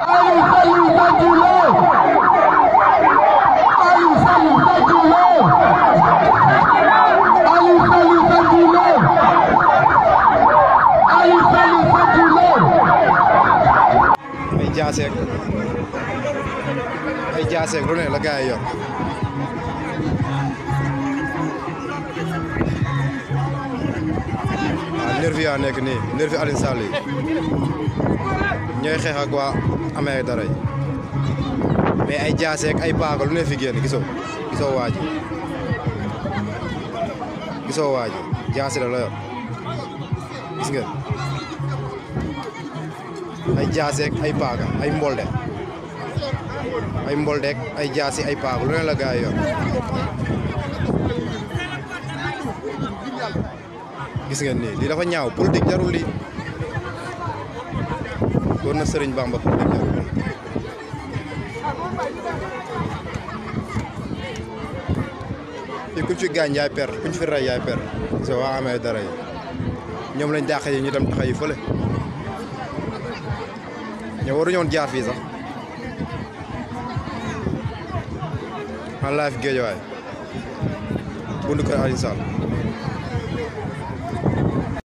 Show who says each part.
Speaker 1: ay jaaseeg
Speaker 2: ay jaaseeg lu ne la gars nervi yaa nekk nii nervi Alioune Sall ñooy xeex ak waa amee mais ay jaaseek ay paaka lu ne fi génn gisoo gisoo waa gis ngeen ay jaaseek ay paaka ay mbolde ay mboldeek ay jaasi ay paaka lu ne la gaa gis ngeen nii lii dafa ñaaw politique jarul lii góor na Sëriñ Bamba politique jarul lii fii ku ci gaañ yaay per ku fi rey yaay per parce waa amee dara ñoom lañ dàq yi ñu dem taxa yi fële ñoo waruñoon jaar fii sax en live Guédiawaye bundu kër Alioune